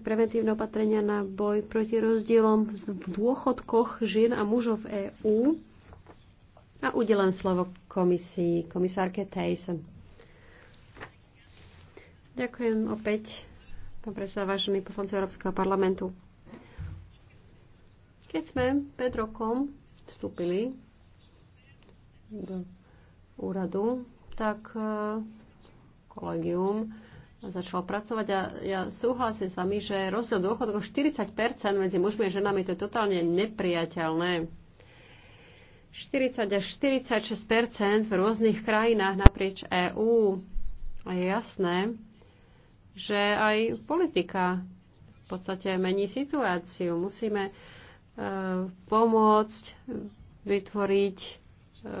preventívne opatrenia na boj proti rozdielom v dôchodkoch žien a mužov v EÚ. A udelám slovo komisii, komisárke Tyson. Ďakujem opäť, pán predseda, vážení poslanci Európskeho parlamentu. Keď sme pred rokom vstúpili do úradu, tak eh, kolegium začal pracovať a ja súhlasím s vami, že rozdiel dôchodkov 40% medzi mužmi a ženami to je totálne nepriateľné. 40 až 46% v rôznych krajinách naprieč EÚ. A je jasné, že aj politika v podstate mení situáciu. Musíme e, pomôcť vytvoriť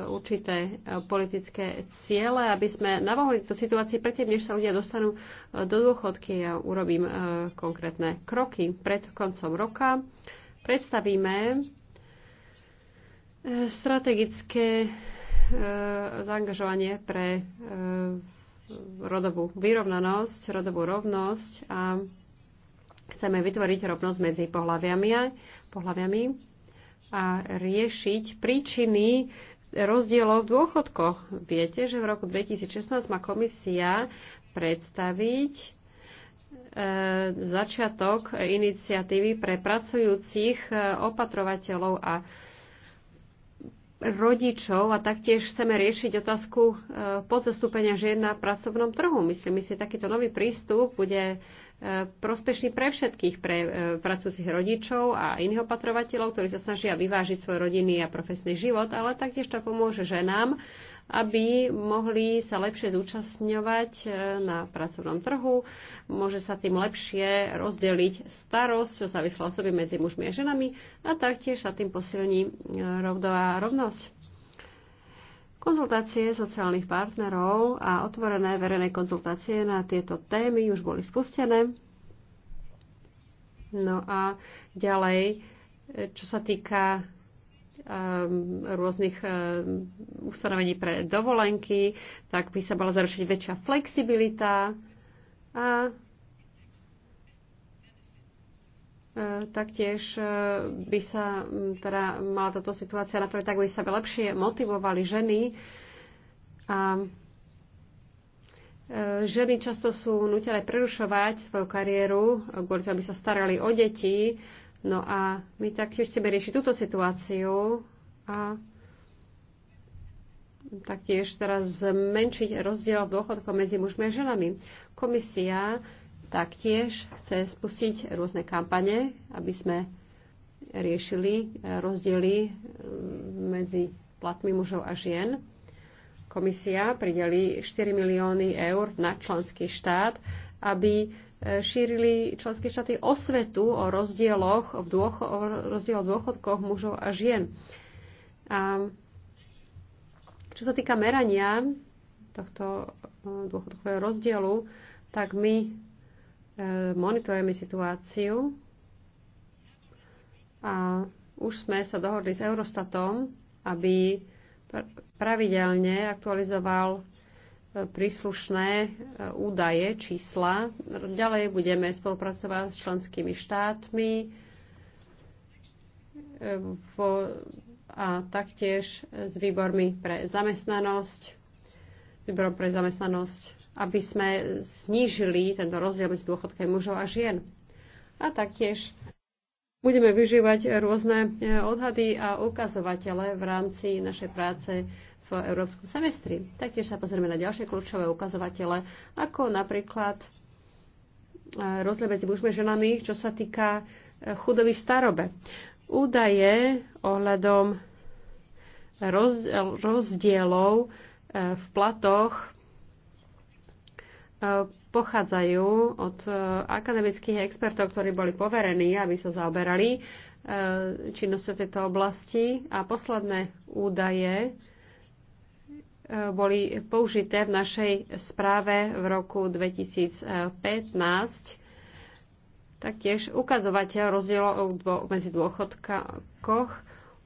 určité e, politické ciele, aby sme navohli do situácii predtým, než sa ľudia dostanú e, do dôchodky. Ja urobím e, konkrétne kroky. Pred koncom roka predstavíme strategické zaangažovanie pre rodovú vyrovnanosť, rodovú rovnosť a chceme vytvoriť rovnosť medzi pohľaviami, pohľaviami a riešiť príčiny rozdielov v dôchodkoch. Viete, že v roku 2016 má komisia predstaviť e, začiatok iniciatívy pre pracujúcich e, opatrovateľov a rodičov a taktiež chceme riešiť otázku e, podzastúpenia žien na pracovnom trhu. Myslím si, takýto nový prístup bude prospešný pre všetkých, pre e, pracujúcich rodičov a iných opatrovateľov, ktorí sa snažia vyvážiť svoj rodinný a profesný život, ale taktiež to pomôže ženám, aby mohli sa lepšie zúčastňovať e, na pracovnom trhu. Môže sa tým lepšie rozdeliť starosť, čo sa vyslala medzi mužmi a ženami a taktiež sa tým posilní e, rovnová rovnosť. Konzultácie sociálnych partnerov a otvorené verejné konzultácie na tieto témy už boli spustené. No a ďalej, čo sa týka ehm, rôznych ehm, ustanovení pre dovolenky, tak by sa mala zaručiť väčšia flexibilita a E, taktiež e, by sa teda mala táto situácia napraviť, tak by sa by lepšie motivovali ženy. A e, ženy často sú nutené prerušovať svoju kariéru, kvôli tomu by sa starali o deti. No a my taktiež chceme riešiť túto situáciu a taktiež teraz zmenšiť rozdiel v dôchodku medzi mužmi a ženami. Komisia taktiež chce spustiť rôzne kampane, aby sme riešili rozdiely medzi platmi mužov a žien. Komisia prideli 4 milióny eur na členský štát, aby e, šírili členské štáty osvetu o rozdieloch v, dôcho- o v dôchodkoch mužov a žien. A čo sa týka merania tohto e, dôchodkového rozdielu, tak my monitorujeme situáciu a už sme sa dohodli s Eurostatom, aby pravidelne aktualizoval e, príslušné e, údaje, čísla. Ďalej budeme spolupracovať s členskými štátmi e, a taktiež s výbormi pre zamestnanosť, výborom pre zamestnanosť aby sme znížili tento rozdiel medzi dôchodkami mužov a žien. A taktiež budeme využívať rôzne e, odhady a ukazovatele v rámci našej práce v európskom semestri. Taktiež sa pozrieme na ďalšie kľúčové ukazovatele, ako napríklad e, rozdiel medzi mužmi a ženami, čo sa týka e, chudoby v starobe. Údaje ohľadom rozdielov v platoch pochádzajú od e, akademických expertov, ktorí boli poverení, aby sa zaoberali e, činnosťou tejto oblasti. A posledné údaje e, boli použité v našej správe v roku 2015. Taktiež ukazovateľ rozdielov medzi dôchodkoch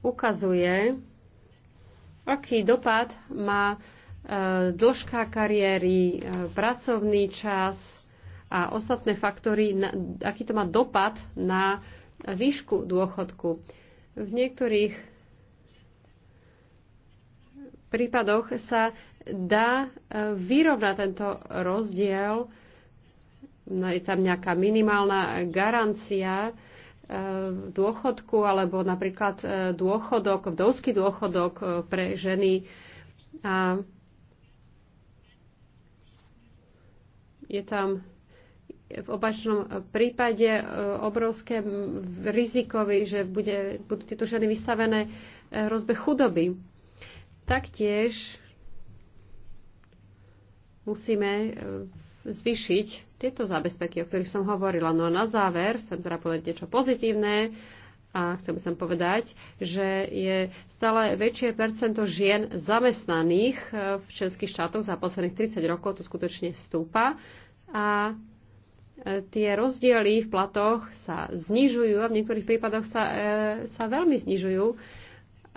ukazuje, aký dopad má Eh, dĺžka kariéry, eh, pracovný čas a ostatné faktory, aký to má dopad na výšku dôchodku. V niektorých prípadoch sa dá eh, vyrovnať tento rozdiel. No, je tam nejaká minimálna garancia dôchodku alebo napríklad dôchodok, vdovský dôchodok pre ženy. A Je tam v opačnom prípade e, obrovské rizikovi, že bude, budú tieto ženy vystavené e, hrozbe chudoby. Taktiež musíme e, zvýšiť tieto zábezpeky, o ktorých som hovorila. No a na záver chcem teda povedať niečo pozitívne a chcem som povedať, že je stále väčšie percento žien zamestnaných eh, v členských štátoch za posledných 30 rokov, to skutočne stúpa a eh, tie rozdiely v platoch sa znižujú a v niektorých prípadoch sa, e, sa veľmi znižujú.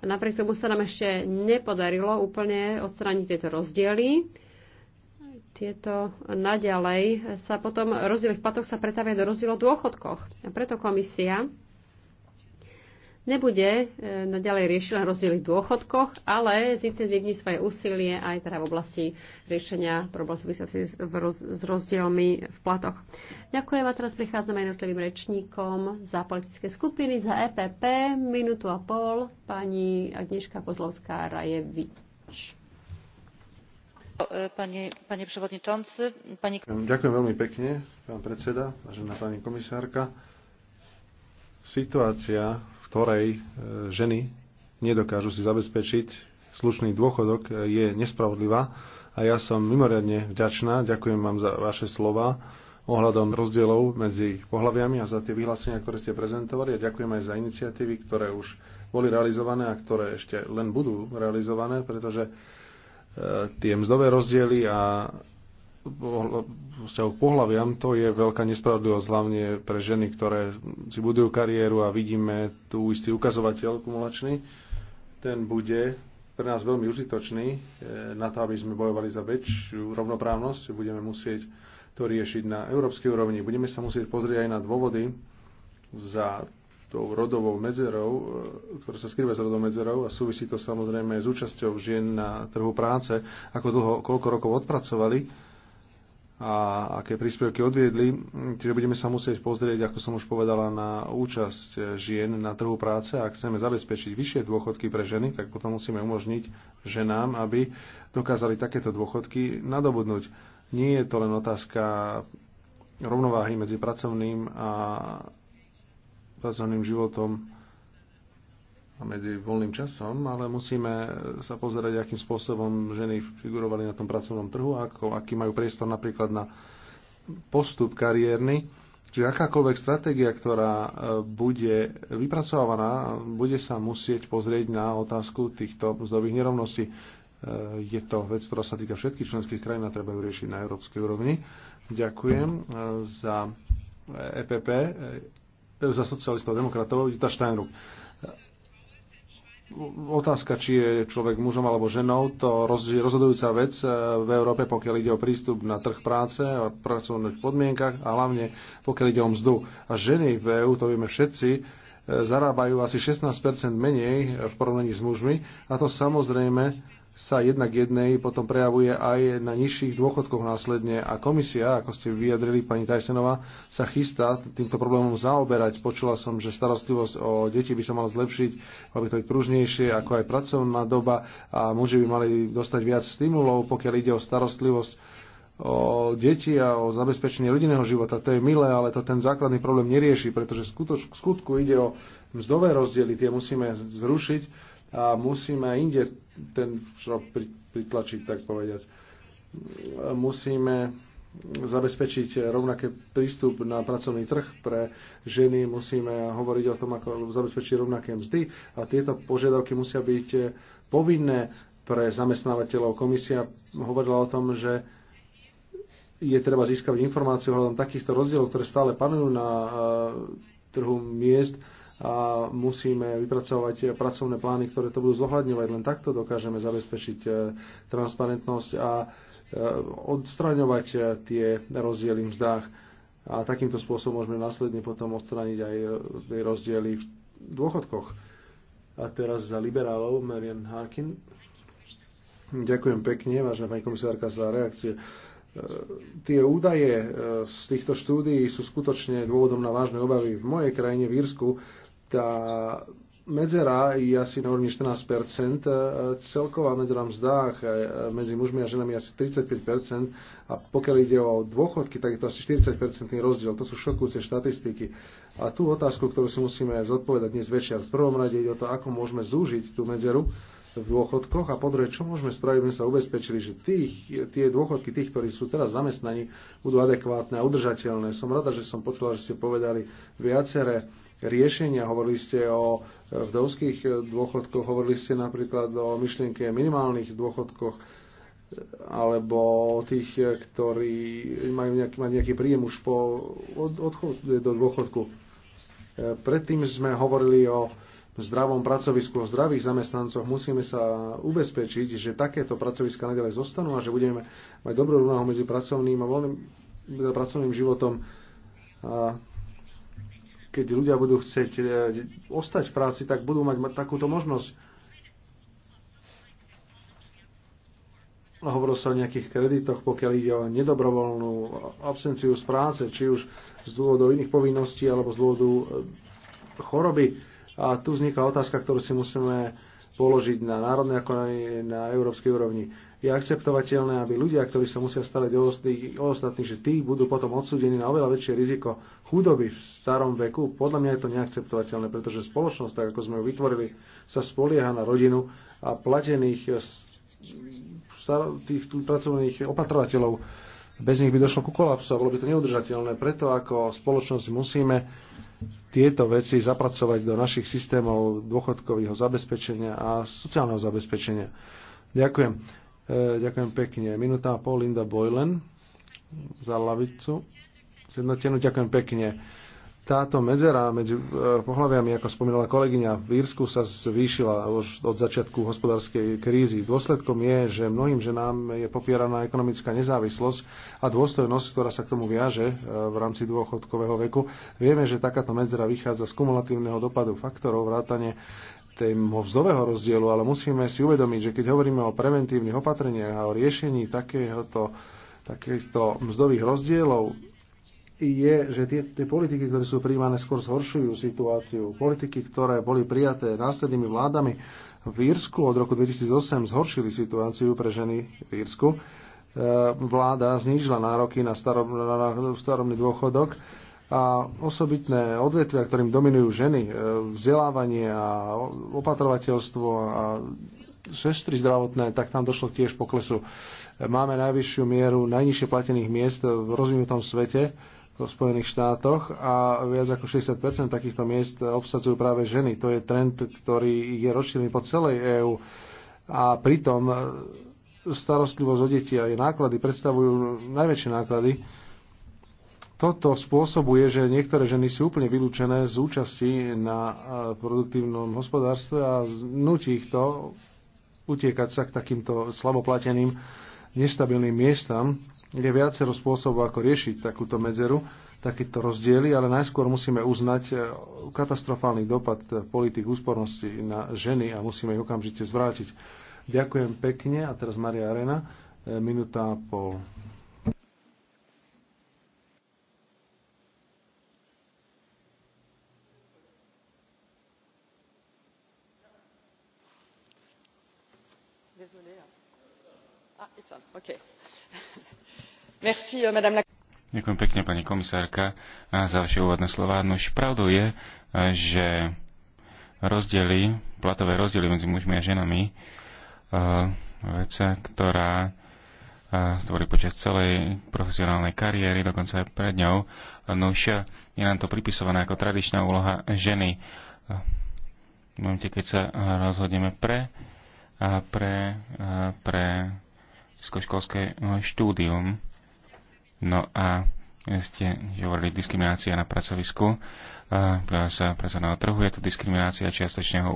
Napriek tomu sa nám ešte nepodarilo úplne odstrániť tieto rozdiely tieto naďalej sa potom rozdiely v platoch sa pretavia do rozdielov v dôchodkoch. A preto komisia nebude e, naďalej riešiť len rozdiely v dôchodkoch, ale zintenzívni svoje úsilie aj teda v oblasti riešenia problémov súvisiacich s rozdielmi v platoch. Ďakujem a teraz prichádzame jednotlivým rečníkom za politické skupiny, za EPP, minútu a pol, pani Agniška Kozlovská-Rajevič. Pane, pane przewodniczący, pani... Ďakujem veľmi pekne, pán predseda, vážená pani komisárka. Situácia ktorej e, ženy nedokážu si zabezpečiť slušný dôchodok, e, je nespravodlivá. A ja som mimoriadne vďačná, ďakujem vám za vaše slova ohľadom rozdielov medzi pohľaviami a za tie vyhlásenia, ktoré ste prezentovali. A ďakujem aj za iniciatívy, ktoré už boli realizované a ktoré ešte len budú realizované, pretože e, tie mzdové rozdiely a vzťahu k pohľaviam, to je veľká nespravodlivosť hlavne pre ženy, ktoré si budujú kariéru a vidíme tu istý ukazovateľ kumulačný. Ten bude pre nás veľmi užitočný e, na to, aby sme bojovali za väčšiu rovnoprávnosť. Budeme musieť to riešiť na európskej úrovni. Budeme sa musieť pozrieť aj na dôvody za tou rodovou medzerou, e, ktorá sa skrýva s rodovou medzerou a súvisí to samozrejme s účasťou žien na trhu práce, ako dlho, koľko rokov odpracovali a aké príspevky odviedli. Čiže budeme sa musieť pozrieť, ako som už povedala, na účasť žien na trhu práce. Ak chceme zabezpečiť vyššie dôchodky pre ženy, tak potom musíme umožniť ženám, aby dokázali takéto dôchodky nadobudnúť. Nie je to len otázka rovnováhy medzi pracovným a pracovným životom medzi voľným časom, ale musíme sa pozerať, akým spôsobom ženy figurovali na tom pracovnom trhu, ako, aký majú priestor napríklad na postup kariérny. Čiže akákoľvek stratégia, ktorá e, bude vypracovaná, bude sa musieť pozrieť na otázku týchto mzdových nerovností. E, je to vec, ktorá sa týka všetkých členských krajín a treba ju riešiť na európskej úrovni. Ďakujem e, za EPP, za socialistov a demokratov, Vita Steinruck otázka, či je človek mužom alebo ženou, to je rozhodujúca vec e, v Európe, pokiaľ ide o prístup na trh práce, a pracovných podmienkach a hlavne pokiaľ ide o mzdu. A ženy v EÚ, to vieme všetci, e, zarábajú asi 16 menej v porovnaní s mužmi a to samozrejme sa jednak jednej potom prejavuje aj na nižších dôchodkoch následne a komisia, ako ste vyjadrili pani Tajsenová, sa chystá týmto problémom zaoberať. Počula som, že starostlivosť o deti by sa mala zlepšiť, aby to byť pružnejšie, ako aj pracovná doba a muži by mali dostať viac stimulov, pokiaľ ide o starostlivosť o deti a o zabezpečenie rodinného života. To je milé, ale to ten základný problém nerieši, pretože skutoč, v skutku ide o mzdové rozdiely, tie musíme zrušiť a musíme inde ten šrob pritlačiť, tak povediať. Musíme zabezpečiť rovnaký prístup na pracovný trh pre ženy, musíme hovoriť o tom, ako zabezpečiť rovnaké mzdy a tieto požiadavky musia byť povinné pre zamestnávateľov. Komisia hovorila o tom, že je treba získať informáciu o takýchto rozdielov, ktoré stále panujú na eh, trhu miest, a musíme vypracovať pracovné plány, ktoré to budú zohľadňovať. Len takto dokážeme zabezpečiť e, transparentnosť a e, odstraňovať e, tie rozdiely v mzdách. A takýmto spôsobom môžeme následne potom odstrániť aj rozdiely v dôchodkoch. A teraz za liberálov Marian Harkin. Ďakujem pekne, vážená pani komisárka, za reakcie tie údaje z týchto štúdií sú skutočne dôvodom na vážne obavy. V mojej krajine, v Írsku, tá medzera je asi na úrovni 14%, celková medzera mzdách eh, medzi mužmi a ženami je asi 35% a pokiaľ ide o dôchodky, tak je to asi 40% rozdiel. To sú šokujúce štatistiky. A tú otázku, ktorú si musíme zodpovedať dnes večer, v prvom rade ide o to, ako môžeme zúžiť tú medzeru v dôchodkoch a po druhé, čo môžeme spraviť, aby sme sa ubezpečili, že tých, tie dôchodky tých, ktorí sú teraz zamestnaní, budú adekvátne a udržateľné. Som rada, že som počula, že ste povedali viaceré riešenia. Hovorili ste o e, vdovských e, dôchodkoch, hovorili ste napríklad o myšlienke minimálnych dôchodkoch e, alebo o tých, ktorí majú nejaký, majú nejaký príjem už po od, odchode do dôchodku. Predtým sme hovorili o zdravom pracovisku, o zdravých zamestnancoch. Musíme sa ubezpečiť, že takéto pracoviska nadalej zostanú a že budeme mať dobrú rovnahu medzi pracovným a voľným, teda pracovným životom a keď ľudia budú chcieť e, ostať v práci, tak budú mať takúto možnosť. Hovorilo sa o nejakých kreditoch, pokiaľ ide o nedobrovoľnú absenciu z práce, či už z dôvodu iných povinností alebo z dôvodu e, choroby. A tu vzniká otázka, ktorú si musíme položiť na národnej ako na, na európskej úrovni. Je akceptovateľné, aby ľudia, ktorí sa musia starať o, o ostatných, že tí budú potom odsúdení na oveľa väčšie riziko chudoby v starom veku. Podľa mňa je to neakceptovateľné, pretože spoločnosť, tak ako sme ju vytvorili, sa spolieha na rodinu a platených tých, tých pracovných opatrovateľov bez nich by došlo ku kolapsu a bolo by to neudržateľné. Preto ako spoločnosť musíme tieto veci zapracovať do našich systémov dôchodkového zabezpečenia a sociálneho zabezpečenia. Ďakujem. E, ďakujem pekne. Minúta a pol Linda Boylen za lavicu. Zjednotenú. Ďakujem pekne táto medzera medzi e, pohľaviami, ako spomínala kolegyňa, v Írsku sa zvýšila už od začiatku hospodárskej krízy. Dôsledkom je, že mnohým ženám je popieraná ekonomická nezávislosť a dôstojnosť, ktorá sa k tomu viaže e, v rámci dôchodkového veku. Vieme, že takáto medzera vychádza z kumulatívneho dopadu faktorov vrátane tej mzdového rozdielu, ale musíme si uvedomiť, že keď hovoríme o preventívnych opatreniach a o riešení takéhoto, takýchto mzdových rozdielov, je, že tie, tie politiky, ktoré sú príjmané, skôr zhoršujú situáciu. Politiky, ktoré boli prijaté následnými vládami v Írsku od roku 2008, zhoršili situáciu pre ženy v Írsku. E, vláda znížila nároky na, starob, na starobný dôchodok a osobitné odvetvia, ktorým dominujú ženy, e, vzdelávanie a opatrovateľstvo a sestry zdravotné, tak tam došlo tiež poklesu. E, máme najvyššiu mieru najnižšie platených miest v rozvinutom svete v Spojených štátoch a viac ako 60 takýchto miest obsadzujú práve ženy. To je trend, ktorý je rozšírený po celej EÚ a pritom e, starostlivosť o deti a jej náklady predstavujú najväčšie náklady. Toto spôsobuje, že niektoré ženy sú úplne vylúčené z účasti na e, produktívnom hospodárstve a nutí ich to utiekať sa k takýmto slaboplateným nestabilným miestam je viacero spôsobov, ako riešiť takúto medzeru, takýto rozdiely, ale najskôr musíme uznať e, katastrofálny dopad e, politik úspornosti na ženy a musíme ich okamžite zvrátiť. Ďakujem pekne a teraz Maria Arena, e, minúta po ah, Okay. Euh, Ďakujem pekne, pani komisárka, za vaše úvodné slova. No pravdou je, e, že rozdiely, platové rozdiely medzi mužmi a ženami, e, veca, ktorá e, stvorí počas celej profesionálnej kariéry, dokonca aj pred ňou. No už je nám to pripisované ako tradičná úloha ženy. V momente, no, keď sa rozhodneme pre, pre, pre vysokoškolské štúdium, No a ste hovorili diskriminácia na pracovisku, sa pracovného trhu, je to diskriminácia čiastočného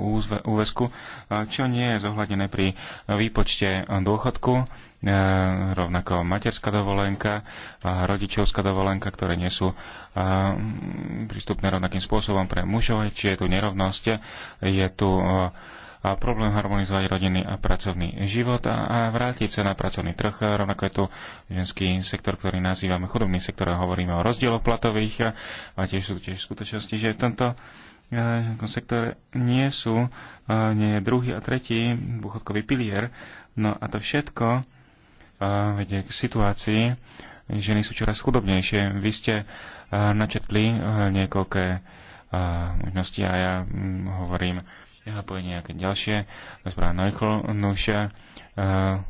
úvesku, čo nie je zohľadené pri výpočte dôchodku, rovnako materská dovolenka, rodičovská dovolenka, ktoré nie sú prístupné rovnakým spôsobom pre mužov, či je tu nerovnosť, je tu a problém harmonizovať rodinný a pracovný život a, a vrátiť sa na pracovný trh. Rovnako je tu ženský sektor, ktorý nazývame chudobný sektor a hovoríme o rozdieloch platových a tiež sú tiež skutočnosti, že tento e, tomto sektore nie sú e, nie je druhý a tretí dôchodkový pilier. No a to všetko e, vedie k situácii, ženy sú čoraz chudobnejšie. Vy ste načetli niekoľké možnosti a ja mm, hovorím napojenie nejaké ďalšie rozpráva Neuchl, eh, eh,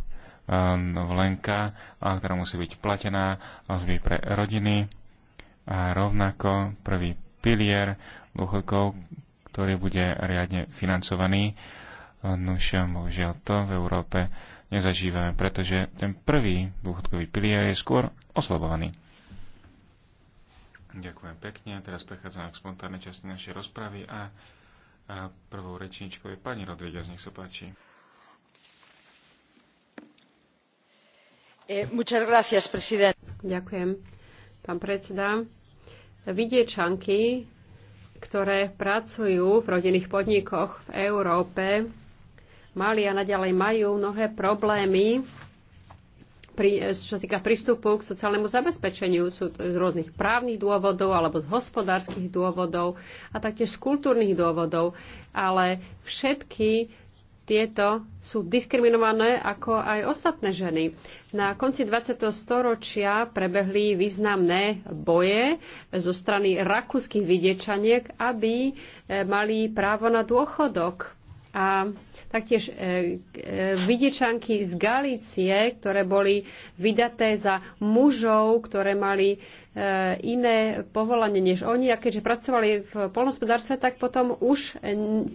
Vlenka, ktorá musí byť platená, musí byť pre rodiny a rovnako prvý pilier dôchodkov, ktorý bude riadne financovaný. Nuž, bohužiaľ to v Európe nezažívame, pretože ten prvý dôchodkový pilier je skôr oslabovaný. Ďakujem pekne. Teraz prechádzame k spontánnej časti našej rozpravy a a prvou rečničkou je pani Rodríguez, nech sa páči. Eh, Ďakujem, pán predseda. Vidiečanky, ktoré pracujú v rodinných podnikoch v Európe, mali a naďalej majú mnohé problémy pri, čo sa týka prístupu k sociálnemu zabezpečeniu, sú z rôznych právnych dôvodov alebo z hospodárskych dôvodov a taktiež z kultúrnych dôvodov, ale všetky tieto sú diskriminované ako aj ostatné ženy. Na konci 20. storočia prebehli významné boje zo strany rakúskych vidiečaniek, aby eh, mali právo na dôchodok a taktiež e, e, vidiečanky z Galície, ktoré boli vydaté za mužov, ktoré mali E, iné povolanie než oni a keďže pracovali v polnospodárstve, tak potom už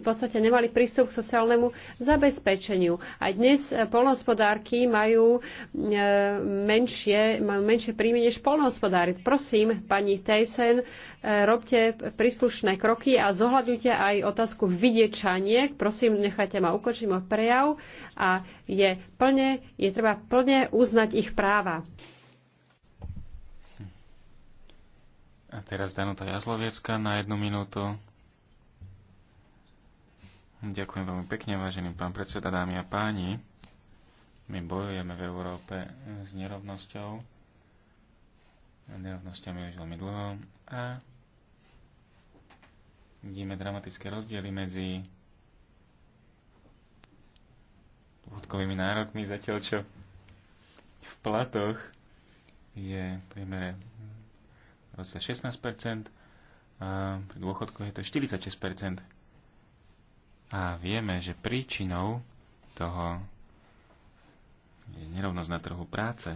v podstate nemali prístup k sociálnemu zabezpečeniu. A dnes polnospodárky majú e, menšie, majú menšie príjmy než polnospodári. Prosím, pani Tejsen, e, robte príslušné kroky a zohľadňujte aj otázku vidiečaniek. Prosím, nechajte ma ukončiť môj prejav a je, plne, je treba plne uznať ich práva. A teraz Danuta Jazloviecka na jednu minútu. Ďakujem veľmi pekne, vážený pán predseda, dámy a páni. My bojujeme v Európe s nerovnosťou. Nerovnosťami už veľmi dlho. A vidíme dramatické rozdiely medzi dôchodkovými nárokmi, zatiaľ čo v platoch je priemere 16%, a pri dôchodkoch je to 46%. A vieme, že príčinou toho je nerovnosť na trhu práce.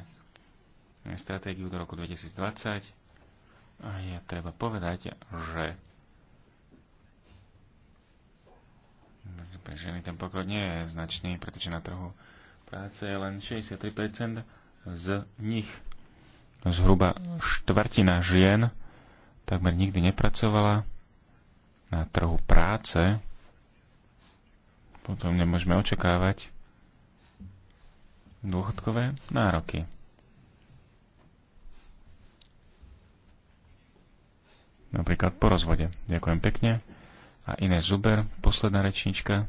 Stratégiu do roku 2020 a je treba povedať, že pre ženy ten pokrok nie je značný, pretože na trhu práce je len 63% z nich zhruba štvrtina žien takmer nikdy nepracovala na trhu práce. Potom nemôžeme očakávať dôchodkové nároky. Napríklad po rozvode. Ďakujem pekne. A iné Zuber, posledná rečníčka.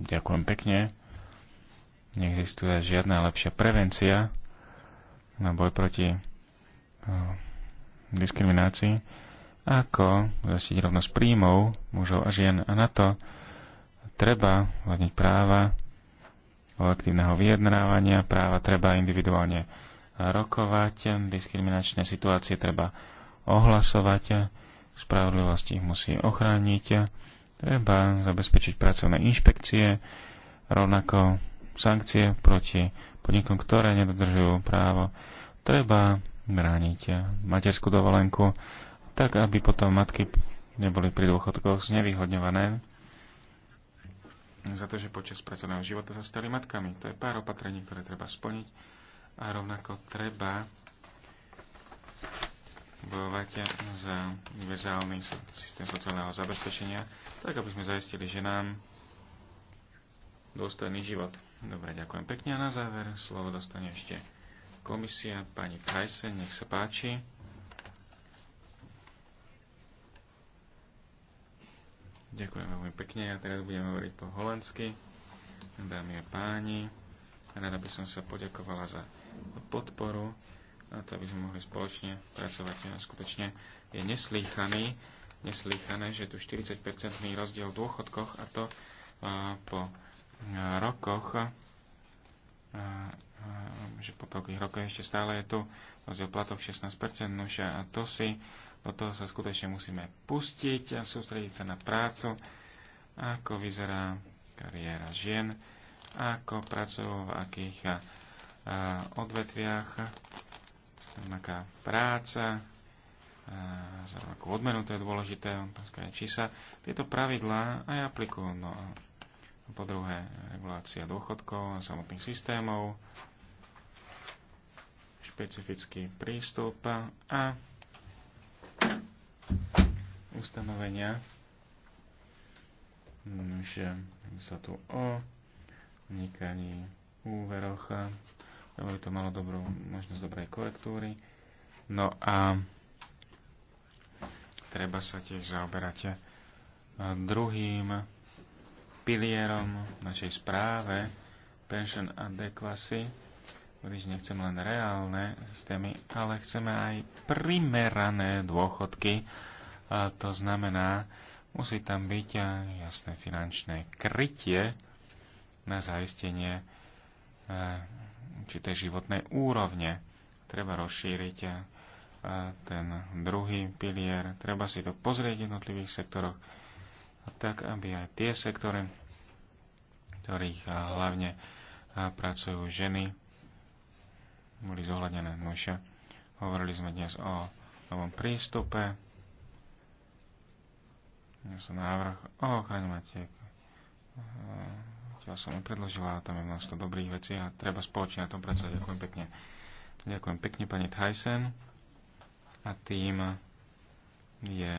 Ďakujem pekne neexistuje žiadna lepšia prevencia na boj proti eh, diskriminácii, ako zastiť rovnosť príjmov mužov a žien a na to treba hľadniť práva kolektívneho vyjednávania, práva treba individuálne rokovať, diskriminačné situácie treba ohlasovať, spravodlivosť ich musí ochrániť, treba zabezpečiť pracovné inšpekcie, rovnako sankcie proti podnikom, ktoré nedodržujú právo. Treba brániť materskú dovolenku, tak aby potom matky neboli pri dôchodkoch znevýhodňované za to, že počas pracovného života sa stali matkami. To je pár opatrení, ktoré treba splniť a rovnako treba bojovať za univerzálny systém sociálneho zabezpečenia, tak aby sme zaistili ženám dôstojný život. Dobre, ďakujem pekne. A na záver slovo dostane ešte komisia. Pani Krajse, nech sa páči. Ďakujem veľmi pekne. Ja teraz budem hovoriť po holandsky. Dámy a páni, rada by som sa poďakovala za podporu a to, aby sme mohli spoločne pracovať. Skutočne je neslýchaný, neslýchané, že je tu 40-percentný rozdiel v dôchodkoch a to po rokoch, že po toľkých rokoch ešte stále je tu rozdiel platov 16%, nuž a to si, do toho sa skutočne musíme pustiť a sústrediť sa na prácu, ako vyzerá kariéra žien, ako pracujú, v akých odvetviach, aká práca, za akú odmenu, to je dôležité, či sa tieto pravidlá aj aplikujú. No, po druhé regulácia dôchodkov a samotných systémov, špecifický prístup a ustanovenia. že sa tu o vnikaní úveroch, lebo by to malo dobrú možnosť dobrej korektúry. No a treba sa tiež zaoberať eh, druhým pilierom našej správe pension adequacy, když nechcem len reálne systémy, ale chceme aj primerané dôchodky. A to znamená, musí tam byť jasné finančné krytie na zaistenie e, určitej životnej úrovne. Treba rozšíriť e, ten druhý pilier, treba si to pozrieť v jednotlivých sektoroch, tak aby aj tie sektory, ktorých hlavne pracujú ženy, boli zohľadené muša. No hovorili sme dnes o novom prístupe, ja som návrh o ochrane matiek. Ja som ju predložila a tam je množstvo dobrých vecí a treba spoločne na tom pracovať. Ďakujem pekne. Ďakujem pekne pani Tyson a tým je